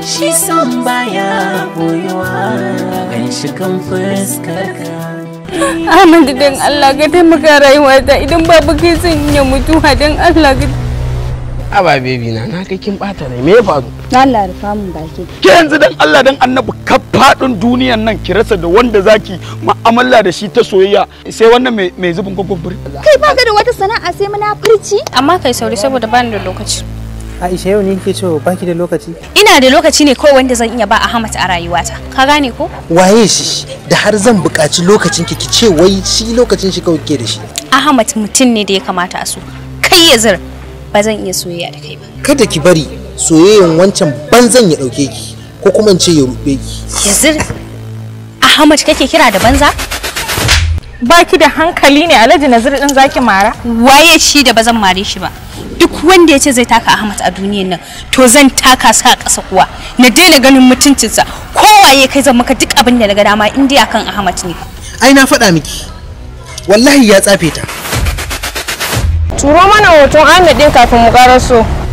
shi san baya boyuwa gan shi kan fuskarka Ahmadu don Allah ka taimaka rayuwa ta idan babu kai ya mutu mutuwa don Allah ka Aba baby na na kai kin bata ne me ya faru? Na Allah rufa mun baki. Ke yanzu dan Allah dan Annabi ka fadin duniyan nan ki rasa da wanda zaki mu'amala da shi ta soyayya sai wannan mai zubin kokobiri. Kai ba ga da wata sana'a sai muna furci. Amma kai sauri saboda bani da lokaci. Aisha yau ne ke cewa baki da lokaci? Ina da lokaci ne kawai wanda zan iya ba Ahmad a rayuwata. Ka gane ko? Waye shi da har zan buƙaci lokacin ki ce wai shi lokacin shi kawai ke da shi. Ahmad mutum ne da ya kamata a so. Kai ya zir ba zan iya soyayya da kai ba. Kada ki bari soyayyan wancan banzan ya ɗauke ki ko kuma in ce ya rufe ki. Yazir Ahmad kake kira da banza? Baki da hankali ne Alhaji Nazir din zaki mara? Waye shi da ba zan mare shi ba? wanda ya ce zai taka Ahmad a duniyar nan to zan taka sa ƙasa kuwa na daina ganin mutuncinsa kowaye kai zan maka duk abin da na ga dama in dai akan Ahmad ne ai na faɗa miki wallahi ya tsafe ta turo mana hoton Ahmad din kafin mu karaso